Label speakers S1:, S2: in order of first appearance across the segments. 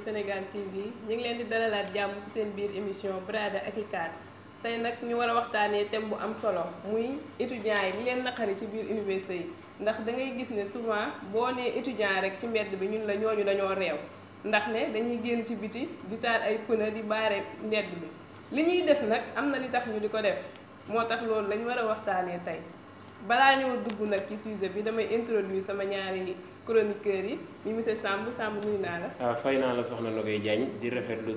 S1: yu Sénégal TV ñu ngi leen di dalalaat jàmm ci seen biir émission Brada ak i Kaas tey nag ñu war a waxtaanee thème bu am solo muy étudiants yi li leen naqari ci biir université yi ndax da ngay gis ne souvent boo nee étudiant rek ci mbedd bi ñun la ñooñu dañoo reew ndax ne dañuy génn ci biti di taal ay pneu di baare mbedd bi li ñuy def nag am na li tax ñu di ko def moo tax loolu lañ war a waxtaanee tey balaa ñoo dugg nag ci sujet bi damay introduire sama ñaari chroniqueur yi ñu monsieur Samb Samb nuyu naa la.
S2: waaw ah, fay naa la soxna Nogaye Diagne di rafetlu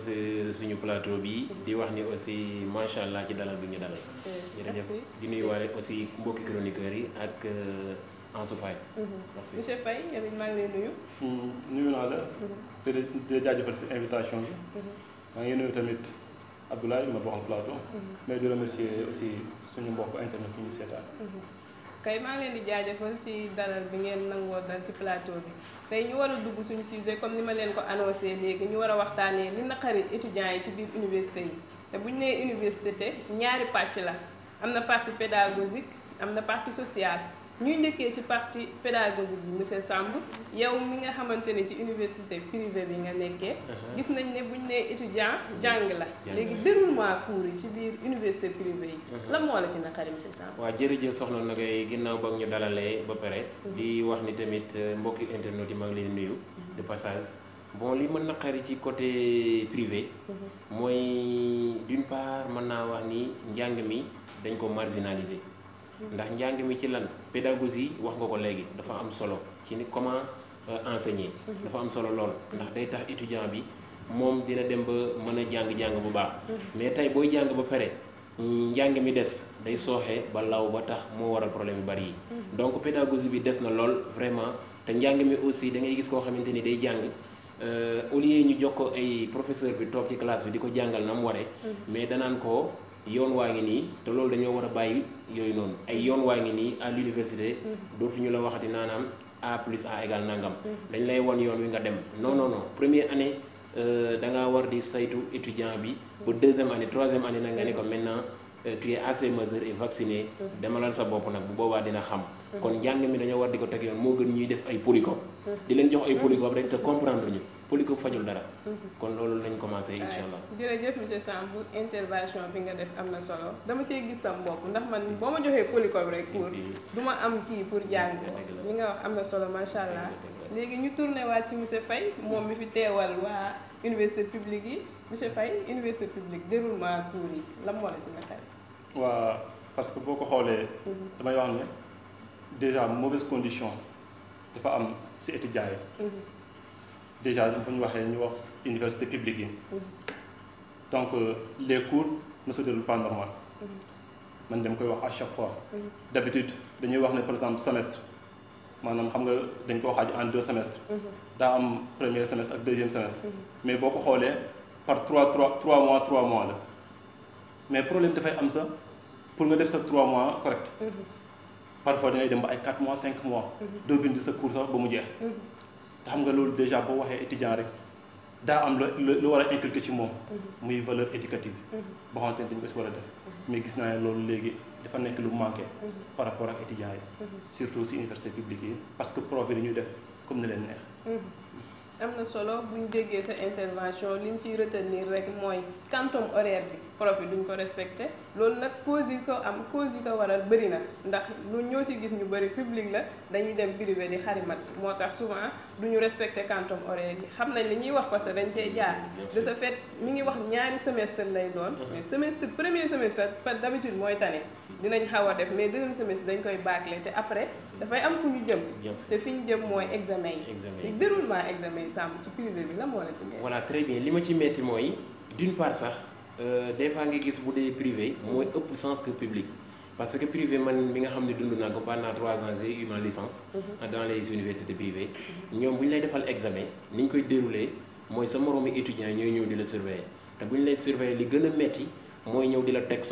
S2: suñu plateau bi di wax ni aussi macha allah ci dalal bi ñu dalal.
S1: Eh, jërëjëf
S2: di nuyuwaale aussi mbokki chroniqueur yi ak euh, Ansou Faye.
S1: Mhm. merci monsieur Faye yow it maa ngi lay nuyu.
S3: Mm, nuyu naa la. Mhm. te di jaajëfal si invitation bi. Mhm. maa ngi nuyu tamit Abdoulaye ma bokkal plateau. mais di remercier aussi suñu mbokk internet yi seetaan.
S1: kay maa ngi leen di jaajëfal ci dalal bi ngeen nangoo dal ci plateau bi tey ñu war a dugg suñu sujet comme ni ma leen ko annoncé léegi ñu war a waxtaanee li naqari étudiants yi ci biir université yi te bu ñu nee université ñaari pàcc la am na partie pédagogique am na partie sociale ñuy njëkkee ci partie pédagogique bi monsieur Samb yow mi nga xamante ne ci université privée bi nga nekkee uh-huh. gis nañ ne buñ nee étudiant jàng la léegi déroulement cours yi ci biir université privée yi uh-huh. la moo la ci naqari monsieur Samb
S2: waaw jërëjëf soxla na koy ginnaaw ba ñu dalalee ba pare uh-huh. di wax ni tamit uh, mbokki internet yi ma ngi leen nuyu de passage bon li ma naqari ci côté privé mooy d'une part mën naa wax ni njàng mi dañ ko marginaliser ndax njàng mi ci lan pédagogie wax nga ko léegi dafa am solo ci ni comment euh, enseigner. Mhm. dafa am solo lool ndax day tax étudiant bi moom dina dem ba mën a jàng-jàng bu baax. Mhm. mais tey booy jàng ba pare mm, njàng mi des day sooxee ba law ba tax moo waral problème yu bari yi. Mhm. donc pédagogie bi des na lool vraiment te njàng mi aussi da ngay gis koo xamante ni day jàng. Euh, au lieu ñu jox ay professeur bi toog ci classe bi di ko jàngal na mu waree mais danaan ko yoon waa ngi nii te loolu dañoo war a bàyyi yooyu noonu ay yoon waa ngi nii à l'université mm-hmm. ñu la waxati naanaam A plus A égale nangam mm-hmm. dañ lay won yoon wi nga dem non non non première année euh, da ngaa war di saytu étudiant bi ba mm-hmm. deuxième année troisième année nag nga ne ko maintenant euh, tu es assez majeur et vacciné demalal sa bopp nag bu boobaa dina xam kon njàng mi dañoo war di ko teg yoon moo gën ñuy def ay polycope
S1: di leen jox ay polycope rek te
S2: comprendre ñu polycope fajul dara kon loolu lañ commencé incha
S4: allah
S1: jërëjëf monsieur Samb intervention bi nga def am na solo dama cee gis sam bopp ndax man boo ma joxee polycope rek pour du ma am kii pour jàng li nga wax am na solo macha allah léegi ñu tourné waat ci monsieur fay moom mi fi teewal waa université publique yi monsieur fay université publique déroulement cours yi lan moo
S3: parce que boo ko xoolee mm-hmm. damay wax ne déjà mauvaise condition de am c'est étudiants mhm. déjà nous ñu université publique mhm. donc euh, les cours ne se déroulent pas normalement. Mhm. man dem à chaque fois. d'habitude dañuy wax par exemple semestre manam xam nga dañ ko en deux semestres. dans am premier semestre ak deuxième semestre. mais boko xolé par trois trois trois mois trois mois mais problème fay am ça, pour nga def ça trois mois correct parfois dangay dem ba ay 4 mois 5 mois. Mhm. doo bind sa cours sax ba mu jeex. Mhm. te xam nga lolu déjà boo waxé étudiant rek daa am lo lu wara a inculquer ci mom mhm. muy valeur éducative. boo xamante ne dañ ko ci wara def. mais gis naa lolu légui léegi dafa nek lu manqué. par rapport ak étudiants yi. surtout si université publique yi parce que prof yi dañuy def comme ni leen neex.
S1: am na solo bu ñu déggee sa intervention liñ ciy retenir rek mooy quantum horaire bi prof yi duñ ko respecté am waral ndax ñoo ci gis ñu public la dañuy dem privé di xarimat moo souvent duñu respecté wax parce que dañ jaar de ce fait wax semestre lay mhm. mais semestre premier semestre d'habitude tane dinañ deuxième semestre dañ koy après am fu jëm jëm examen déroulement examen ci privé la ci voilà
S2: très bien li ma ci d'une part sax euh, des fois nga gis bu dee privé. moy ëpp sens que public. parce que privé man mi nga xam ne na naa ko pendant 3 ans j'ai eu ma licence. Mhm. dans les universités privées. ñom buñ lay défal examen niñ koy déroulé moy sa moroomi étudiant ñoy ñëw di la surveiller te buñ lay surveiller li gëna metti moy ñëw di la teg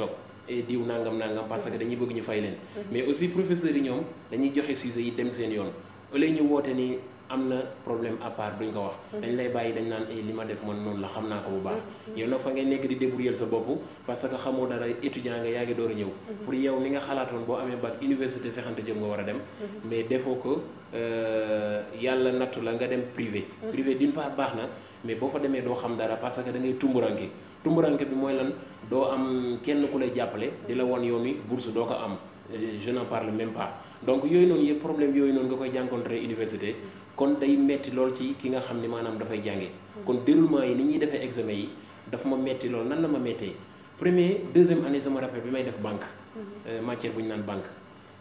S2: et eh, diw nangam nangam parce que dañuy bëgg ñu fay leen. Mhm. mais aussi professeurs yi ñom dañuy joxé sujet yi dem seen yoon au ñu woté ni amna problème à part duñ ko wax mm-hmm. dañ lay bayyi dañ nan ay eh, li ma def mon non la xamna ko bu baax mm-hmm. yow nag fa ngay nekk di débrouiller sa bopp parce que xamoo dara étudiant nga yaagi ngi ñew mm-hmm. pour yow ni nga xalaatoon bo amé bac université Cheikh Anta nga wara a dem mais defoo ko euh, yalla nattu la nga dem privé privé d'une part baax mais bo fa démé do xam dara parce que da ngay tumburanke tumburanke bi moy lan do am kenn ku lay jàppale di la won yoon bourse do ko am euh, je n'en parle même pas donc yoy non yé problème yoy non nga koy jànkoontre université kon day metti lool ci ki nga xam ne maanaam dafay jànge kon déroulement yi ni ñuy defee examen yi dafa ma metti lool nan la ma mettee premier deuxième année sama rappel bi may def banque mhm. euh, matière bu ñu naan banque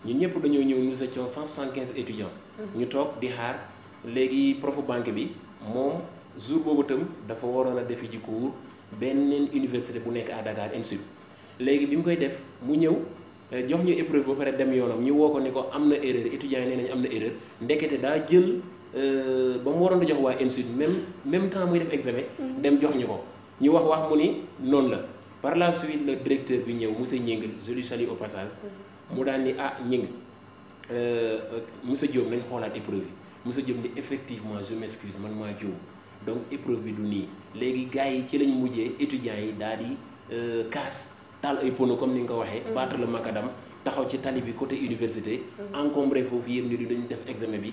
S2: ñu ñëpp dañoo ñëw nous étions cent soixante-quinze étudiants mhm. ñu toog di xaar léegi profu banque bi moom jour boobu itam dafa waroon a defi ji cours benn université bu nekk à Dakar INSUP léegi bi mu koy def mu ñëw euh, jox ñu épreuve ba pare dem yoonam ñu woo ko ni ko am na erreur étudiants yi nañ am na erreur ndekete daa jël Euh, ba mu waroon a jox waa ENSUD même même temps muy def examen. Mhm. dem jox ñu ko ñu wax wax mu ni noonu la par la suite le directeur bi ñëw monsieur Gningue je lui salue au passage mhm. mu daal ni ah Gningue euh, euh, monsieur Diop nañ xoolaat épreuve yi monsieur Diop ni effectivement je m'excuse man maa juum donc épreuve bi du nii léegi gars yi ci lañ mujjee étudiants yi daal di kaas taal ay pono comme ni nga ko waxee. Mhm. battre le macadam taxaw ci tali bi côté université. encombré foofu yëpp ni di dañu def examen bi.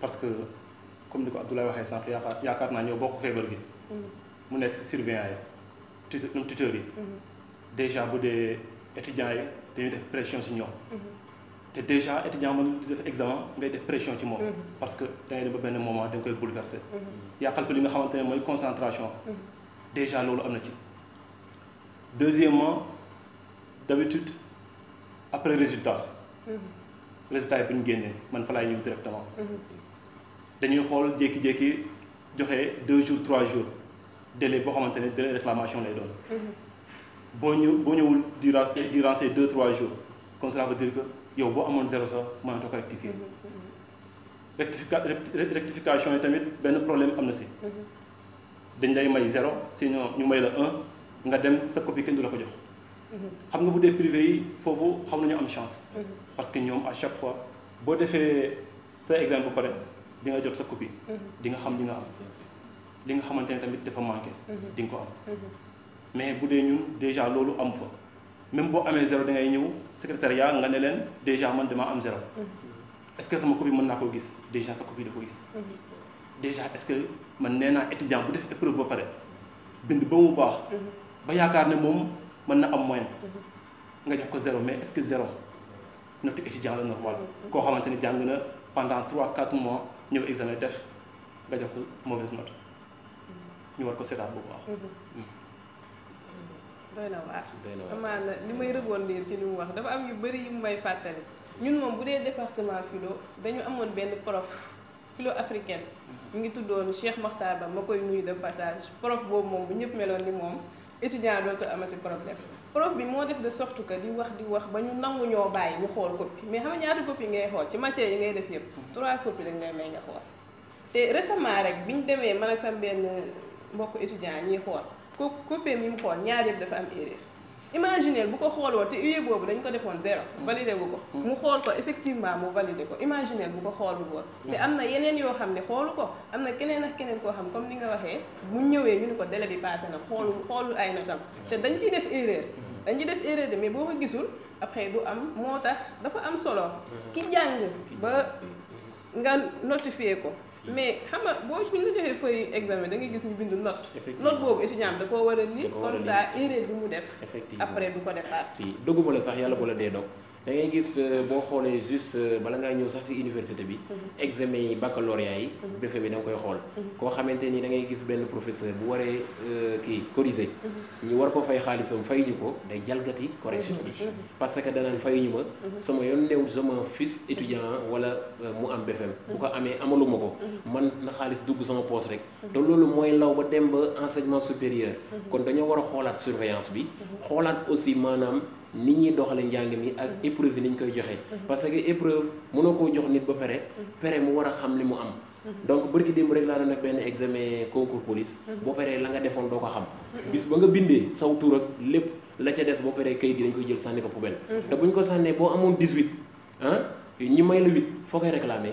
S3: parce que comme ni ko Abdoulaye waxe sànq yaakaar yaakaar ñoo bokk feebar gi. Mm. mu nekk si surveillant yi tuteur tuteurs yi.
S4: Mm-hmm.
S3: déjà bu dee étudiants yi dañuy def pression si ñoom.
S4: Mm-hmm.
S3: te déjà étudiant man di def examen ngay def pression ci moom. Mm-hmm. parce que dangay dem ba benn moment dañ koy bouleverser yàqal ko li nga xamante ne mooy concentration. déjà loolu am na ci. deuxièmement d'habitude après résultat. résultat yi bu ñu génnee man fa laay ñëw directement dañuy xool jékki-jékki joxe deux jours trois jours délai boo xamante ne délai réclamation lay doon. Mhm. boo ñëw boo ñëwul durant ces durant ces deux trois jours comme cela veut dire que yow boo amoon zéro sax mënatoo ko rectifier. Mhm.
S4: Mhm.
S3: rectifica rectification yi tamit benn problème am na si. dañ lay may zéro sinon ñu may la un nga dem sa copie kenn du la ko jox. xam nga bu dee privé yi foofu xam nañu am chance. parce que ñoom à chaque fois boo defee sa exemple pare. di nga jot sa copie. Mm-hmm. di nga xam li nga am. li nga xamante ne tamit dafa manqué. Mm-hmm. di ko am. Mm-hmm. mais bu dee ñun déjà loolu am fa même boo amee zéro da ngay ñëw secrétariat nga ne leen déjà man damaa am zéro. est-ce que sama copie mën naa ko gis déjà sa copie da ko gis. déjà est-ce que man nee naa étudiant bu def épreuve ba pare bind ba mu baax. ba yaakaar ne moom mën na am moyen. nga jox ko zéro mais est-ce que zéro note étudiant la normal. koo xamante ne jàng na ñëw examen def nga jox ko mauvaise moto ñu war ko seetaat bu baax. Mhm. Mhm.
S1: doy na waar doy na waar amaana li may rebondir ci li mu wax dafa am yu bëri mu may fàttale ñun moom bu dee département filo dañu amoon benn prof filo africaine. mu mhm. ngi tuddoon Cheikh Mokhtar Ba ma koy nuyu de passage prof boobu moom bu ñëpp meloon ni moom. étudiant dootoo amati problème prof bi moo def de sorte que di wax di wax ba ñu nangu ñoo bàyyi ñu xool copie mais xam nga ñaata copie ngay xool ci matière yi ngay def yëpp hmm. trois copie dañ lay may nga xool te récemment rek bi ñu demee man ak sam benn mbokk étudiant ñiy xool ko copie mi mu xool ñaar yëpp dafa am erreur imaginer bu ko xooloo te UE boobu dañ ko defoon zéro validé wu ko mu xool ko effectivement mu validé ko imaginer bu ko xoolu woon te am na yeneen yoo xam ne xoolu ko am na keneen ak keneen koo xam comme ni nga waxee mu ñëwee ñu ne ko délai bi passé na xoolu xoolu ay notam te dañ ciy def erreur dañ ciy def erreur de mais boo ko gisul après du am moo tax dafa am solo mm-hmm. ki jàng ba nga notifié ko mais xam nga boo ñu la joxee feuille examen da ngay gis ñu bindu note note boobu étudiant bi da koo war a ni comme ça bi mu def après du ko defaat
S2: si doguma la sax yàlla bu la dee dog da ngay gis euh, bo xolé juste euh, bala nga ñëw sax ci université bi mhm. examen yi baccalauréat yi BFEM mhm. bi da ngoy xol mhm. ko xamanteni da ngay gis ben professeur bu waree euh, ki corriger ñu war ko fay xaalisam fay ñu ko day jalgati correction bi parce que danaan fay ñu ma sama yon newul sama fils étudiant wala mu am bfm, bu ko amé amaluma ko man na xaalis dugg sama poste rek te lolu moy law ba dem ba enseignement supérieur kon dañu wara xolat surveillance bi xolat aussi manam nit ñi doxale njàng mi ak épreuve yi ni ñu koy joxee mhm. parce que épreuve mënoo koo jox nit ba pare. Mhm. pare mu war a xam li mu am. Mhm. donc bërki démb rek laa na ak benn examen concours police. boo paree la nga defoon doo ko xam. bis ba nga bindee saw tur ak lépp la ca des boo pare kayit yi nañ koy jël sànni ko poubelle. te bu ñu ko sànnee boo amoon 18 ah ñi may la 8 foo koy réclamer.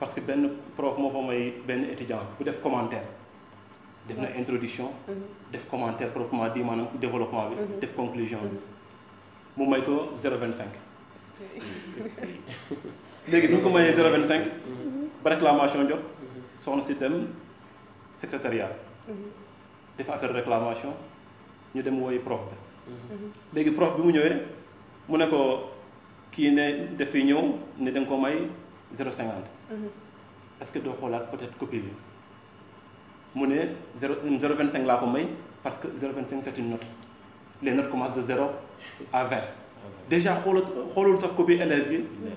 S3: parce que benn prof moo fa may benn étudiant bu def commentaire def na introduction mm-hmm. def commentaire proprement dit maanaam développement bi mm-hmm. def conclusion bi mm-hmm. mu may ko 025. vingt cinq léegi bi ñu ko mayee zéro ba réclamation jot soxna si dem secrétariat def affaire réclamation ñu dem wooyu prof bi léegi prof bi mu ñëwee mu ne ko kii ne daf ñëw ne da nga ko may 0,50. Mhm. est-ce que tu dois peut-être copier parce que 0,25 c'est une note les notes commencent de 0 à 20. déjà copier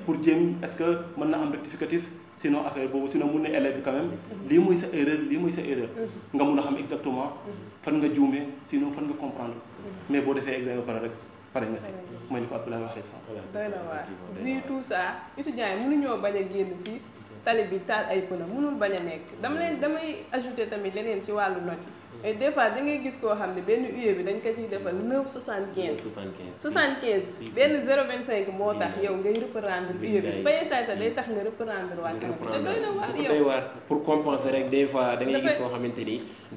S3: pour dire, est-ce que maintenant rectificatif sinon affaire sinon élève quand même li erreur li sa erreur mhm. nga exactement mhm. fan nga sinon fan nga comprendre mais si defee examen rek pare nga si mooy ni ko Abdoulaye waxee sànq. doy na waar vu
S1: tout ça étudiants yi mënuñoo bañ a génn si tali bi taal ay pneu mënul bañ a nekk dama leen damay ajouter tamit leneen ci wàllu note yi mm. et des fois da ngay gis koo xam ne benn UE bi dañ ko ciy defal 9 75 75 benn 0 25 moo tax yow ngay reprendre UE bi baye saay sax day tax nga reprendre waat te doy na waar yow doy waar
S2: pour compenser rek des fois da ngay gis koo xamante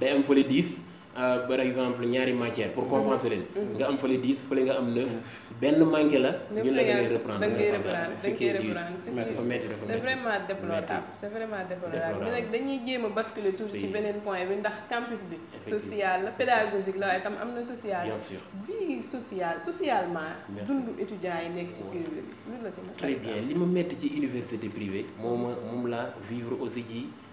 S2: day am fële 10 Euh, par exemple ñaari matière pour mm-hmm. compenser leen. Mm-hmm. nga am fële dix fële nga am neuf.
S1: ben manqué la. ñu la da ngay reprendre da ngay reprendre da ngay reprendre c'est vraiment déplorable c'est vraiment déplorable mais nak dañuy jéem a basculer toujours ci benen point bi ndax campus bi. social la pédagogique la waaye tam am social. bien sûr vie sociale socialement. dundu étudiant yi nek ci privé bi. très bien
S2: li ma métti ci université privée moom moom laa vivre aussi ji.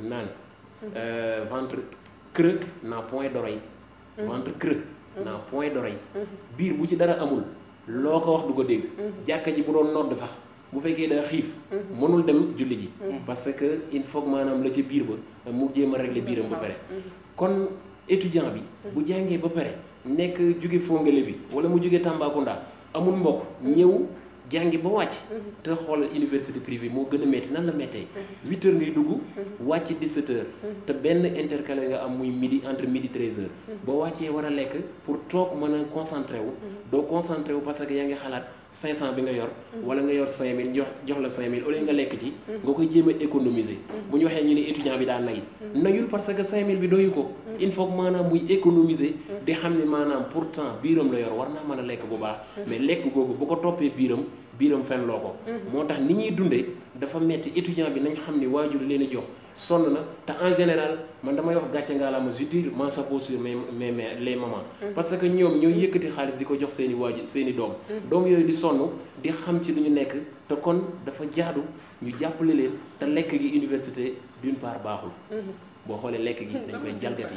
S2: naan mhm. euh, ventre creux n'a point d'oreille mhm. ventre creux mhm. n'a point d'oreille biir bu ci dara amul loo ko wax du ko dégg jàkka ji bu doon nodd sax bu fekkee daa xiif mënul dem julli ji parce que il faut maanaam la ca biir ba mu jéem a régler biiram ba pare kon étudiant bi bu jàngee ba pare nekk jóge Fongolé bi wala mu jóge Tambacounda amul mbokk ñëw jàngi ba wacc te à université privée mo nan la 8 mhm. mhm. mhm. te nga am midi entre midi et 13h. pour toog concentrer. concentré wu parce que cinq cent bi nga yor mm-hmm. wala nga yor cinq mille jox jox la cinq mille au nga lekk ci mm-hmm. nga koy jéem a économiser mm-hmm. bu ñu waxee ñu ne étudiant bi daa nay nayul parce que cinq mille bi doyu ko il faut que maanaam muy économiser di xam ne maanaam temps biiram la yor war naa mën a lekk bu baax mais lekk googu bu ko toppee biiram biiram fen loo ko moo tax ni ñuy dundee dafa metti étudiant bi nañ xam ne waajur leen a jox sonn na te en général man damay wax gàcce ngaalaama je dis man ça pose sur mais mais les mamans mm. parce que ñoom ñooy yëkkati xaalis di ko jox seen i waajur seen i doom mm. doom yooyu di sonn di xam ci lu ñu nekk te kon dafa jaadu ñu jàppale leen te lekk gi université d'une part baaxul mm-hmm. boo xoolee lekk gi dañ koy jalgati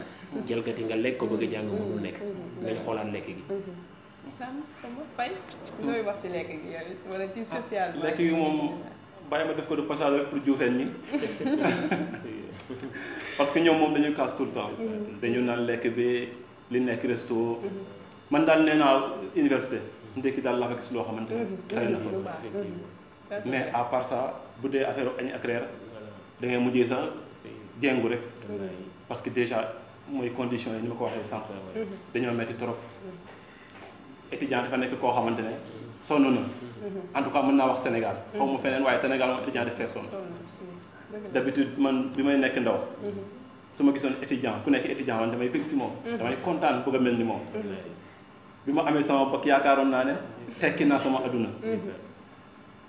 S2: jalgati nga lekk ko bëgg a jàng mënul nekk
S1: mm-hmm. nañ
S2: xoolaat lekk gi sàmm
S1: mm-hmm. xam nga fay looy wax ci lekk gi wala ci social lekk
S3: gi moom bàyyi ma def ko de passage rek pour juufeen ñi parce que ñoom moom dañuy casse tout le temps mm-hmm. dañu naan lekk bi li nekk resto mm-hmm. man daal nee naa université ndekki daal laa fa gis loo xamante ne mm-hmm. tane na
S4: fa mais à
S3: part ça bu dee affaire añ ak reer da ngay mujjee sax jengu rek parce que déjà mooy condition yi ñu ma ko waxee sànq dañoo metti trop étudiant dafa nekk koo xamante ne sonn na mhm. en mën naa wax Sénégal mhm. xaw ma feneen waaye Sénégal moom étudiant def
S4: fee
S3: d'habitude man bi may nekk ndaw mhm. su ma gisoon étudiant ku nekk étudiant man damay bëgg si moom damay kontaan bëgg a mel ni moom bi ma amee sama bakk yaakaaroon naa ne tekki naa sama àdduna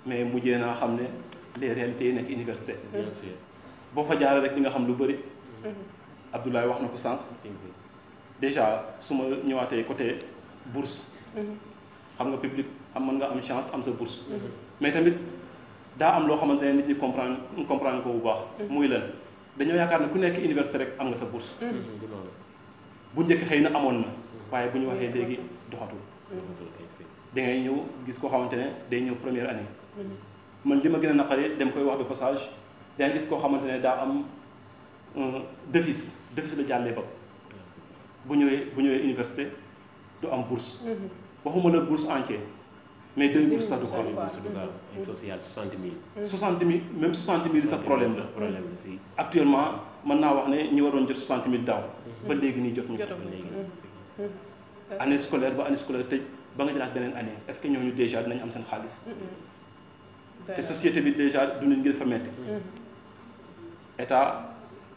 S3: mais mujjee naa xam ne les réalités yi nekk université boo fa jaaree rek di nga xam lu bëri Abdoulaye wax na ko sànq déjà su ma ñëwaatee côté bourse am nga public am man nga am chance am sa bourse mhm. mais tamit da am lo xamantene nit ñi comprendre comprendre ko bu baax mhm. muy lan dañu yaakaar ne ku nekk université rek am nga sa bourse mhm. bu ñëk xeyna amon na waye bu ñu waxe legi doxatu da ngay ñëw gis ko xamantene day ñëw première année man lima gëna naqari dem koy wax de passage da gis ko xamantene da am euh, defis defis la jallé ba ah, bu ñëwé bu ñëwé université du am bourse waxuma la bourse entière mais deux bourses ça du ko une social 60 000. 60 000 même 60 000 c'est un problème actuellement maintenant, naa wax 60 000 daaw. ba mhm. léegi pas jot ñu mhm. année scolaire l'année année scolaire une année est-ce que ont déjà des un seen xaalis.
S4: Mhm. la société
S3: bi déjà dund ngi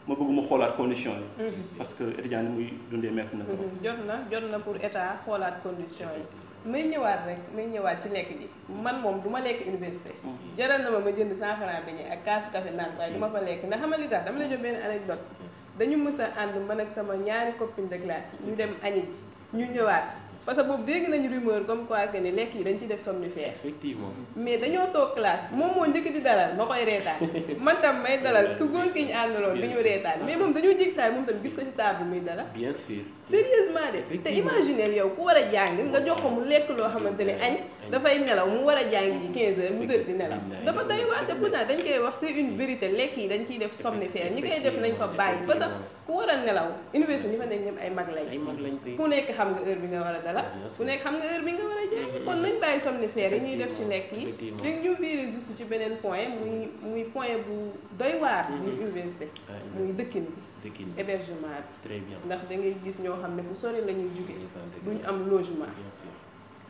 S3: ma bëgg xoolaat condition yi. Mhm. parce que étudiant ni muy dundee métti na trop.
S1: Mhm. jot na jot na pour état xoolaat condition yi. may ñëwaat rek may ñëwaat ci lekk ji man moom du ma lekk université mhm. jaral na ma ma jënd cent franc bi ak kaasu café naan waaye du ma fa lekk ndax xamal li tax dama la jox benn anecdote dañu mës a ànd man ak sama ñaari copine de classe ñu dem añi ñu ñëwaat parce que boobu dégg nañu rumeur comme quoi que ni lekk yi dañ ci def somnifère. effectivement mais dañoo toog classe moom moo njëkk di dalal ma koy reetaan man tam may dalal ku góor ki ñu àndaloon du reetaan mais moom dañoo jig saay moom tam gis ko ci table muy dalal. bien sûr sérieusement de te imaginez yow ku war a jàng nga jox ko mu lekk loo xamante ne añ dafay nelaw mu war a jàng ji 15 heures mu dër di nelaw dafa doy waate pourtant dañ koy wax c'est une vérité lekk yi dañ ciy def somnifère ñi koy def nañ ko bàyyi parce que ku war a université ñi fa nek ñëpp ay mag lañ ku nek xam nga heure bi nga war dala ku nek xam nga heure bi nga war a kon nañ bay somnifère yi ñuy def ci lekk yi léegi ñu virer juste ci benen point muy muy point bu doy war mm-hmm. muy ah, université muy dëkkin bi hébergement bien ndax da ngay gis ñoo xam ne bu sori la ñuy jóge am logement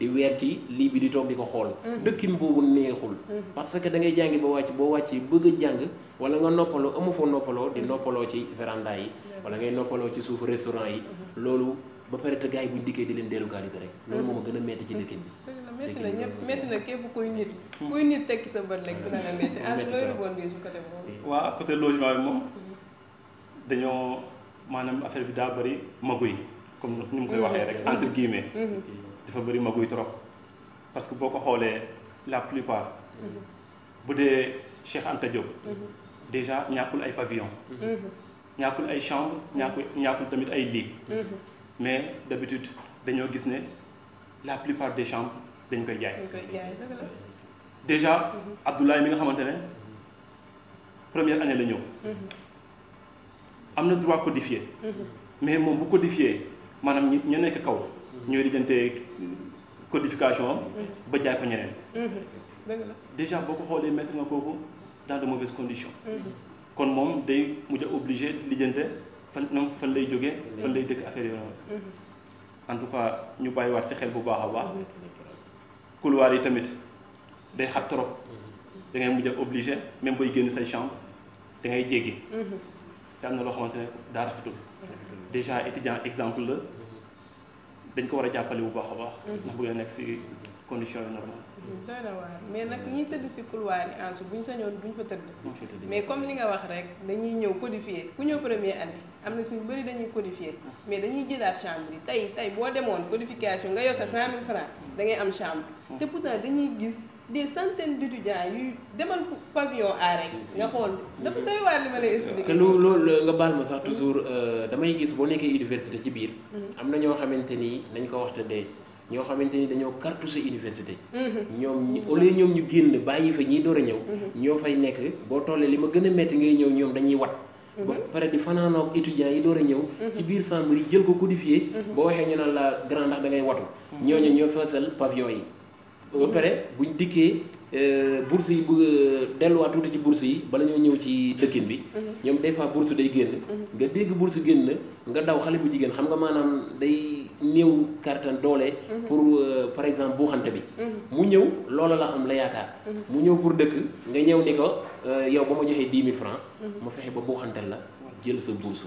S2: di weer ci lii bi di toog di ko xool mm-hmm. dëkkin boobu neexul mm-hmm. parce que da ngay jàngi ba wàcc boo wàccee bëgg a jàng wala nga noppaloo amu foo noppaloo di mm-hmm. noppaloo ci véranda yi wala ngay noppaloo ci suuf restaurant yi loolu ba pare te gars yi buñ di leen délocaliser rek loolu moom a gën a metti ci dëkkin bi
S1: metti na ñëpp metti na képp kuy nit kuy nit tekki sa bët rek dina la metti age looy rebondir ci côté boobu
S3: waaw côté logement bi moom dañoo maanaam affaire bi daa bëri magu yi comme ni mu koy waxee rek entre guillemets dafa bëri maguy trop parce que la plupart mhm. bu dee Cheikh Anta Diop mhm. déjà ñàkkul ay pavillon mhm. ñàkkul ay chambre ñàkkul ñàkkul tamit ay mais d'habitude la plupart des chambres dañ koy jaay déjà Abdoulaye mi nga première année la ñëw droit codifier, mais je bu codifié maanaam kaw ñooy lijjante codification am. ba jaay ko ñeneen.
S4: Mhm. dëgg la
S3: déjà boo ko xoolee mettre nga kooku dans de mauvaises conditions. Mhm. kon moom day mujj a obligé lijjante fan fan lay jógee. fan lay dëkk affaire yooyu mhm. en tout cas ñu bàyyiwaat si xel bu baax a baax. couloir yi tamit day xat trop. da ngay mujj a obligé même booy génn say chambre da ngay jéggi. te am na loo xamante ne daa rafetul. déjà étudiant exemple la. dañ ko war a jàppale bu baax a baax. Mhm. ndax bu ngeen nekk si condition yu normal.
S1: Mhm. mais nag ñiy tëdd si couloir yi en su buñ sañoon duñ fa tëdd. mais comme li nga wax rek dañuy ñëw codifier ku ñëw première année. am na suñu bëri dañuy codifier mais dañuy jëlaat chambre yi tey tey boo demoon codification nga yor sa 5000 francs dangay am chambre. te pourtant dañuy gis des centaines d' étudiants yuy demal pavillon A rek nga xool dafa doy waar li ma lay expliquer. te
S2: loolu nga baal ma sax toujours euh, damay gis boo nekkee université ci biir. Mm-hmm. am na ñoo xamante ni dañ ko waxta dee. ñoo xamante ni dañoo cartouché université. Mm-hmm. ñoom au lieu ñoom ñu génn bàyyi fa ñiy door a ñëw. Mm-hmm. ñoo fay nekk boo tollee li ma gën a métti ngay ñëw ñoom dañuy wat. ba mhm. pare di fanaanoog étudiants yi door a ñëw mhm. ci biir chambre yi jël ko codifié mhm. boo waxee ñu naan la grand ndax da ngay watu ñooñu ñoo fësal pavillon yi ba pare buñ dikkee Euh, bourse yi bu delluwaat tuuti ci bourse yi bala ñoo ñëw ci dëkkin bi mhm. ñoom des fois bourse day génn mhm. nga dégg bourse génn nga daw xale bu jigéen xam nga maanaam day néew kartan doole mhm. pour euh, par exemple buuxante bi mu ñëw loola la am la yaakaar mu ñëw pour dëkk nga ñëw ni ko euh, yow ba ma joxee dix mille francs ma fexe ba buuxantel la jël sa bourse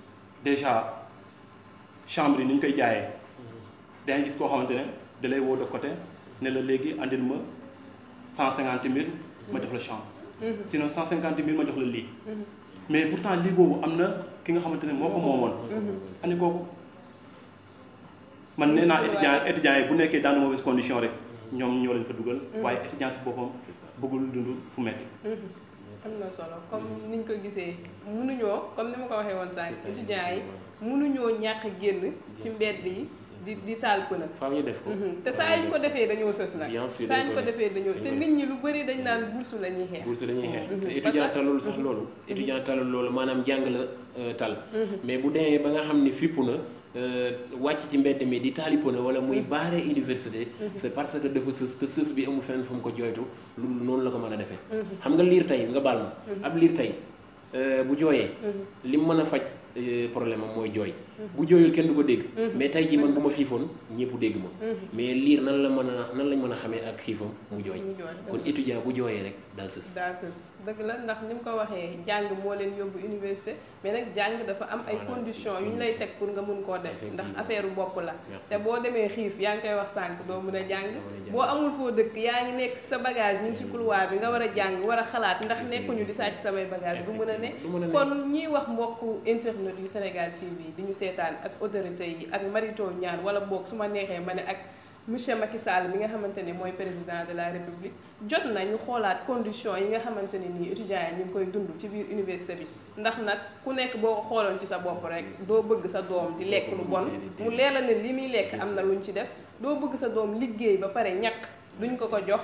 S3: déjà chambre ni ngui koy
S4: da
S3: nga gis ko xamantene dalay wo lay de côté ne la légui andil ma cent cinquante ma jox la chambre mhm. sinon 150 000 ma jox la lit mhm. mais pourtant lii bobu amna ki nga xamantene moko momone
S4: mhm. ani kooku man néna étudiant
S3: étudiant bu nekké dans de mauvaise condition rek ñom ñoo leen fa duggal waye étudiant ci bopam bëggul dund fu metti
S1: xam na solo comme mm-hmm. ni ñu ko gisee munuñoo comme ni ma ko waxee woon saa sànq étudiants yi munuñoo ñàkk génn ci mbedd yi di di taal pëna faaw ñu def ko mm-hmm. te saa ñu ko defee
S2: dañoo sës nag saa ñu ko defee dañoo te nit
S1: ñi lu bari dañ daan bourse la ñuy xeex bourse
S2: la ñuy xeex
S4: mm-hmm.
S1: te étudiant
S2: talul sax loolu étudiant talul loolu maanaam jàng la euh, tal mais bu demee ba nga xam ni fippu na Euh, wàcc ci mbedd mi di taalipone wala muy mm-hmm. baare université mm-hmm. c'est parce que dafa sës te sës bi amul fenn fu mu ko jooytu loolu noonu la ko mën a defee
S4: mm-hmm. xam nga liir
S2: tey nga baal ma ab liir tey euh, bu jooyee li mu mën a faj euh, problème am mooy jooy bu jooyul kenn du ko dégg mm-hmm. mais tey jii man bu ma xiifoon ñëpp dégg ma mm-hmm. mais liir nan la mën a lañ mën a xamee ak xiifam mu jooy kon étudiant bu jooyee rek daa
S1: sës dëgg la ndax ni mu ko waxee jàng moo leen yóbbu université mais nag jàng dafa am ay conditions yu ñu lay teg pour nga mun koo def ndax affaire bopp la te boo demee xiif yaa ngi koy wax sànq doo mun a jàng boo amul foo dëkk yaa ngi nekk sa bagage ñu ngi si couloir bi nga war a jàng war a xalaat ndax nekkuñu di sàcc samay bagage du mën a ne kon ñiy wax mbokk internet seetaan ak autorité yi ak marito ñaan wala boog su ma neexee ma ne ak monsieur Macky Sall mi nga xamante ni mooy président de la république jot na ñu xoolaat condition yi nga xamante ni nii étudiants yi ñu ngi koy dund ci biir université bi ndax nag ku nekk boo ko xooloon ci sa bopp rek doo bëgg sa doom di lekk lu bon mu leer la ne li muy lekk am na luñ ci def doo bëgg sa doom liggéey ba pare ñàkk duñ ko ko jox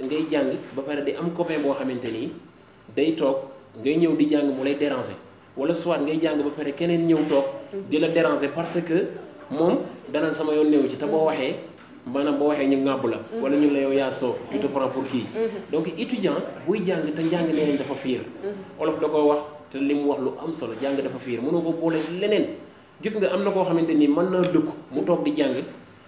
S2: ngay jàng ba pare di am copain boo xamante nii day toog ngay ñëw di jàng mu lay déranger wala soit ngay jàng ba pare keneen ñëw toog di la déranger parce que moom danañ sama yoon néew ci te boo waxee maanaam boo waxee ñu ngàbb la wala ñu la yow yaa soo tu te prends pour kii donc étudiant buy jàng te njàng leneen dafa fiir olof da koo wax te li mu wax lu am solo jàng dafa fiir mënoo ko boole leneen gis nga am na koo xamante ni mën naa dëkk mu toog di jàng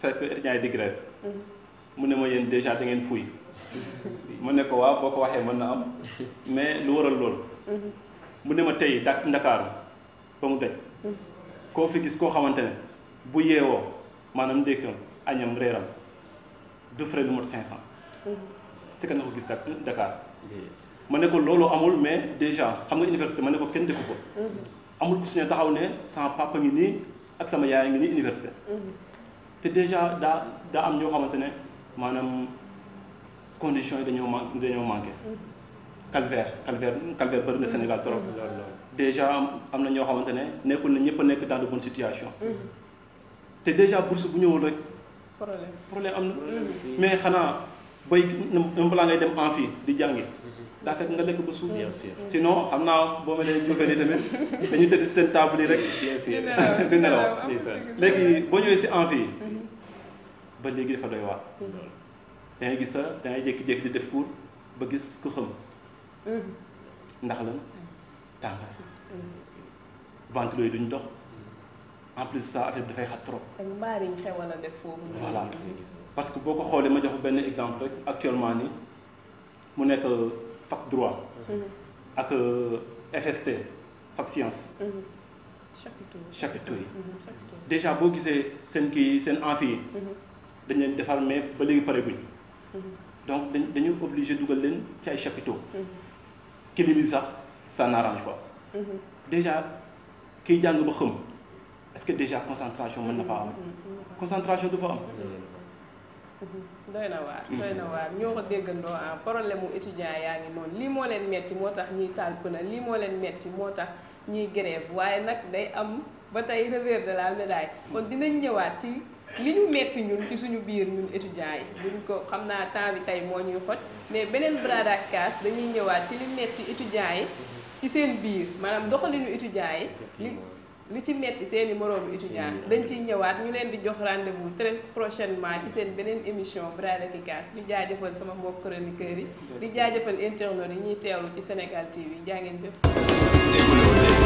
S3: fekk étudiants yi di grève mhm. mu ne ma yéen déjà da ngeen fuy ma ne ko waaw boo ko waxee mën na am mais lu waral loolu mhm. mu ne ma tey dak ndakaaru ba mu daj mhm. koo fi gis koo xamante ne bu yeewoo maanaam ndékkam añam réeram du frais lu mot cinq cent que ka na ko gis dak Dakar ma ne ko loolu amul mais déjà xam nga université ma ne ko kenn dëkku fa amul ku suñu taxaw ne sama papa ngi nii ak sama yaay ngi nii université te déjà la da am ñoo conditions yi dañoo manqué. Mm-hmm. calvaire calvaire calvaire bëri Sénégal trop. Mm-hmm. déjà am ñoo xamantene na dans de bonnes situations. Mm-hmm. te déjà bourse bu ñëwul rek. problème problème mais xanaa bay na balaa ngay dem en di daa nga lekk ba suuf. bien sûr sinon xam naa boo ma nee Ndioufène yi tamit dañu tëdd seen table yi rek. bien nelaw léegi boo ñëwee si envie ba léegi dafa doy waar. da ngay gis sa da ngay jékki di def cours ba gis ku xam. Mm-hmm. ndax lan mm-hmm. tàngaay.
S1: Mm-hmm.
S3: ventilo yi duñ dox. en plus sa affaire bi dafay xat trop.
S1: ak voilà
S3: parce que boo ko xoolee ma jox benn exemple rek actuellement nii mu nekk. fac droit mhm. ak euh, FST fac science chapiteau mhm. chapitre mhm, déjà bo gisee c'est kii seen amphi yi dañ leen defar mais ba légui paré buñ donc dañ dañu obligé dugal leen ci ay chapiteau kilim sax ça n'arrange pas déjà kiy jang ba xam est-ce que déjà concentration mën na pas concentration du fa am
S1: doy na waar doy na mm-hmm. waar ñoo ko déggandoo en ah, problème mu yaa ngi noonu lii moo leen metti moo tax ñiy taal pëna lii moo leen metti moo tax ñiy grève waaye nag day am ba tey revers de la médaille kon dinañ ñëwaat ci li ñu metti ñun ci suñu biir ñun étudiants yi buñ ko xam naa temps bi tey moo ñuy xoj mais beneen kaas dañuy ñëwaat ci li metti étudiants yi ci seen biir maanaam doxalinu étudiants yi li ci metti seen i moroomu étudiant dañ ciy ñëwaat ñu leen di jox rendez-vous très prochainement ci seen beneen émission Braille ak Icas di jaajëfal sama mbokk chroniqueurs yi di jaajëfal internautes yi ñuy teewlu ci Sénégal TV jaa ngeen jëf